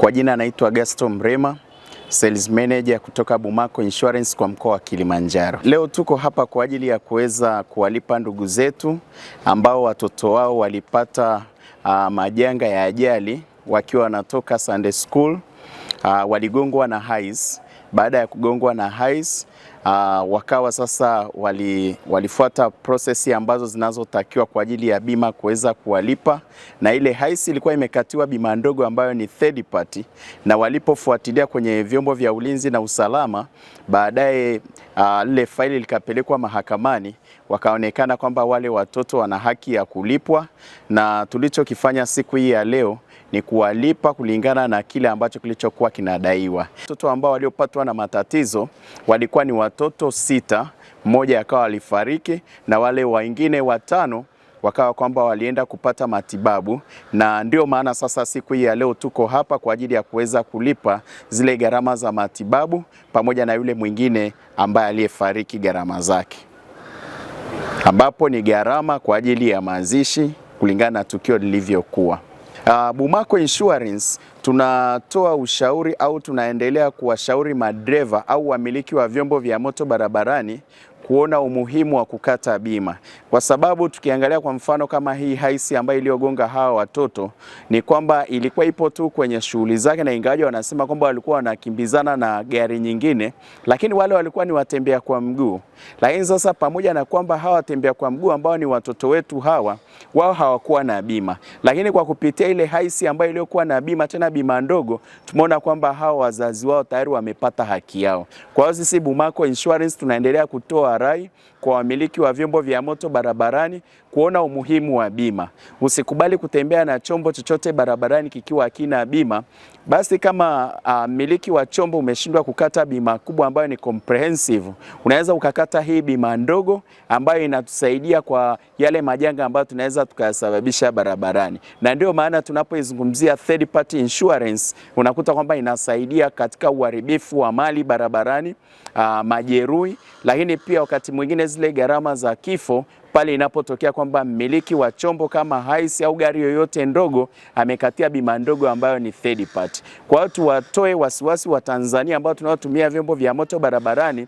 Kwa jina anaitwa Gasto Mrema, sales manager kutoka Bumaco Insurance kwa mkoa wa Kilimanjaro. Leo tuko hapa kwa ajili ya kuweza kuwalipa ndugu zetu ambao watoto wao walipata uh, majanga ya ajali wakiwa wanatoka Sunday school uh, waligongwa na hais baada ya kugongwa na hais uh, wakawa sasa wali, walifuata prosesi ambazo zinazotakiwa kwa ajili ya bima kuweza kuwalipa, na ile hais ilikuwa imekatiwa bima ndogo ambayo ni third party, na walipofuatilia kwenye vyombo vya ulinzi na usalama baadaye ah, lile uh, faili likapelekwa mahakamani, wakaonekana kwamba wale watoto wana haki ya kulipwa, na tulichokifanya siku hii ya leo ni kuwalipa kulingana na kile ambacho kilichokuwa kinadaiwa. Watoto ambao waliopatwa na matatizo walikuwa ni watoto sita, mmoja akawa alifariki na wale wengine watano wakawa kwamba walienda kupata matibabu, na ndio maana sasa siku hii ya leo tuko hapa kwa ajili ya kuweza kulipa zile gharama za matibabu pamoja na yule mwingine ambaye aliyefariki gharama zake, ambapo ni gharama kwa ajili ya mazishi kulingana na tukio lilivyokuwa. Uh, Bumaco Insurance tunatoa ushauri au tunaendelea kuwashauri madereva au wamiliki wa vyombo vya moto barabarani kuona umuhimu wa kukata bima, kwa sababu tukiangalia kwa mfano kama hii haisi ambayo iliyogonga hawa watoto ni kwamba ilikuwa ipo tu kwenye shughuli zake, na ingawaje wanasema kwamba walikuwa wanakimbizana na gari nyingine, lakini wale walikuwa ni watembea kwa mguu. Lakini sasa pamoja na kwamba hawa watembea kwa mguu ambao ni watoto wetu hawa, wao hawakuwa na bima, lakini kwa kupitia ile haisi ambayo iliyokuwa na bima, tena bima ndogo, tumeona kwamba hawa wazazi wao tayari wamepata haki yao. Kwa hiyo sisi Bumaco Insurance tunaendelea kutoa rai kwa wamiliki wa vyombo vya moto barabarani kuona umuhimu wa bima. Usikubali kutembea na chombo chochote barabarani kikiwa hakina bima. Basi kama ah, mmiliki uh, wa chombo umeshindwa kukata bima kubwa ambayo ni comprehensive, unaweza ukakata hii bima ndogo ambayo inatusaidia kwa yale majanga ambayo tunaweza tukayasababisha barabarani, na ndio maana tunapoizungumzia third party insurance unakuta kwamba inasaidia katika uharibifu wa mali barabarani, uh, majeruhi lakini pia wakati mwingine zile gharama za kifo pale inapotokea kwamba mmiliki wa chombo kama haisi au gari yoyote ndogo amekatia bima ndogo ambayo ni third party. Kwa hiyo tuwatoe wasiwasi wa Tanzania ambao tunaotumia vyombo vya moto barabarani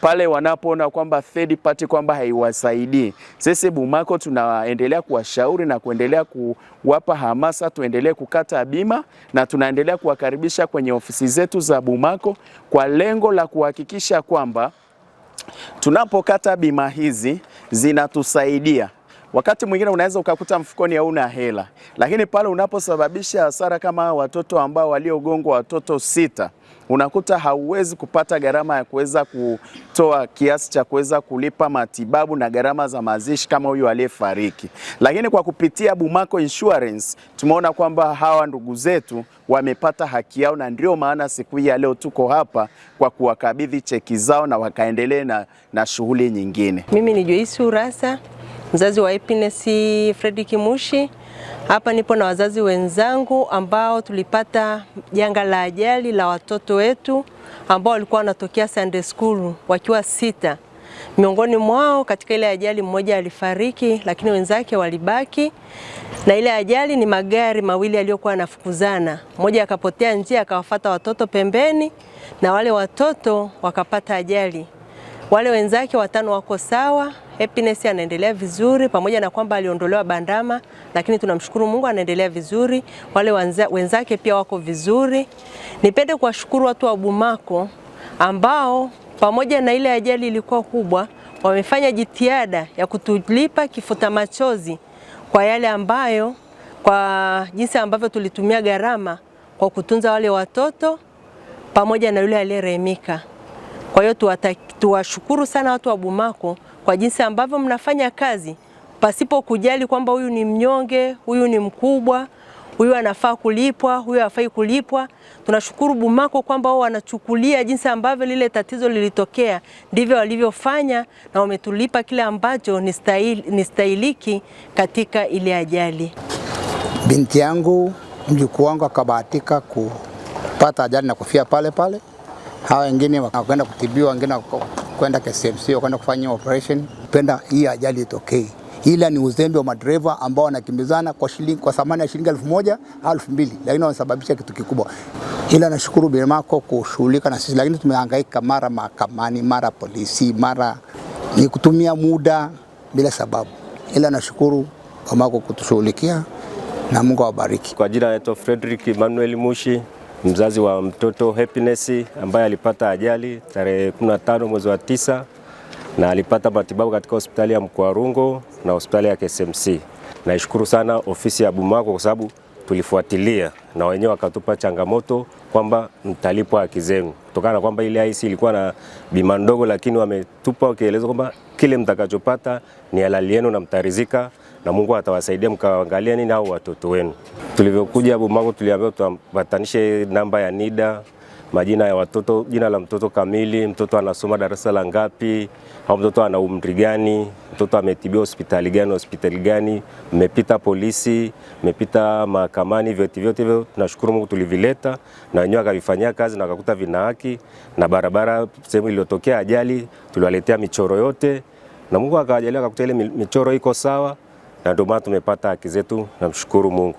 pale wanapoona kwamba third party kwamba haiwasaidii. Sisi Bumaco tunaendelea kuwashauri na kuendelea kuwapa hamasa, tuendelee kukata bima na tunaendelea kuwakaribisha kwenye ofisi zetu za Bumaco kwa lengo la kuhakikisha kwamba Tunapokata bima hizi zinatusaidia wakati mwingine unaweza ukakuta mfukoni hauna hela, lakini pale unaposababisha hasara kama watoto ambao waliogongwa, watoto sita unakuta hauwezi kupata gharama ya kuweza kutoa kiasi cha kuweza kulipa matibabu na gharama za mazishi kama huyu aliyefariki. Lakini kwa kupitia Bumaco Insurance tumeona kwamba hawa ndugu zetu wamepata haki yao, na ndio maana siku hii ya leo tuko hapa kwa kuwakabidhi cheki zao na wakaendelee na, na shughuli nyingine. Mimi ni Joyce Urasa, mzazi wa Happiness Fredrick Mushi. Hapa nipo na wazazi wenzangu ambao tulipata janga la ajali la watoto wetu ambao walikuwa wanatokea Sunday school wakiwa sita. Miongoni mwao katika ile ajali mmoja alifariki, lakini wenzake walibaki. Na ile ajali ni magari mawili yaliyokuwa yanafukuzana, mmoja akapotea njia akawafata watoto pembeni, na wale watoto wakapata ajali. Wale wenzake watano wako sawa, Happiness anaendelea vizuri, pamoja na kwamba aliondolewa bandama, lakini tunamshukuru Mungu anaendelea vizuri. Wale wenzake pia wako vizuri. Nipende kuwashukuru watu wa Bumako ambao pamoja na ile ajali ilikuwa kubwa, wamefanya jitihada ya kutulipa kifuta machozi kwa yale ambayo, kwa jinsi ambavyo tulitumia gharama kwa kutunza wale watoto pamoja na yule aliyerehemika. Kwa hiyo tuwashukuru sana watu wa Bumaco kwa jinsi ambavyo mnafanya kazi pasipo kujali kwamba huyu ni mnyonge, huyu ni mkubwa, huyu anafaa kulipwa, huyu hafai kulipwa. Tunashukuru Bumaco kwamba wao wanachukulia jinsi ambavyo lile tatizo lilitokea ndivyo walivyofanya na wametulipa kile ambacho ni stahili, stahiliki katika ile ajali. Binti yangu mjukuu wangu akabahatika kupata ajali na kufia pale pale hawa wengine wakaenda kutibiwa, wengine kwenda KCMC, wakaenda kufanya operation. Penda hii ajali itokee, ila ni uzembe wa madereva ambao wanakimbizana kwa shilingi, kwa thamani ya shilingi elfu moja au elfu mbili lakini wanasababisha kitu kikubwa. Ila nashukuru BEMACO kushughulika na sisi, lakini tumehangaika mara mahakamani, mara polisi, mara ni kutumia muda bila sababu, ila nashukuru BEMACO kutushughulikia na Mungu awabariki. Kwa jina naitwa Frederick Emmanuel Mushi mzazi wa mtoto Happiness ambaye alipata ajali tarehe 15 mwezi wa tisa na alipata matibabu katika hospitali ya Mkwarungo na hospitali ya KSMC. Naishukuru sana ofisi ya Bumako kwa sababu tulifuatilia na wenyewe wakatupa changamoto kwamba mtalipwa haki zenu, kutokana na kwamba ile IC ilikuwa na bima ndogo, lakini wametupa wakieleza kwamba kile mtakachopata ni halali yenu na mtarizika na Mungu atawasaidia mkaangalia nini au watoto wenu. Tulivyokuja Bumango, tuliambiwa tuwapatanishe namba ya NIDA majina ya watoto, jina la mtoto kamili, mtoto anasoma darasa la ngapi, au mtoto ana umri gani, mtoto ametibiwa hospitali gani, hospitali gani, mmepita polisi, mmepita mahakamani, vyote vyote hivyo tunashukuru Mungu tulivileta na wenyewe akavifanyia kazi na akakuta vina haki, na barabara sehemu iliyotokea ajali tuliwaletea michoro yote na Mungu akawajalia akakuta ile michoro iko sawa, na ndio maana tumepata haki zetu. Namshukuru Mungu.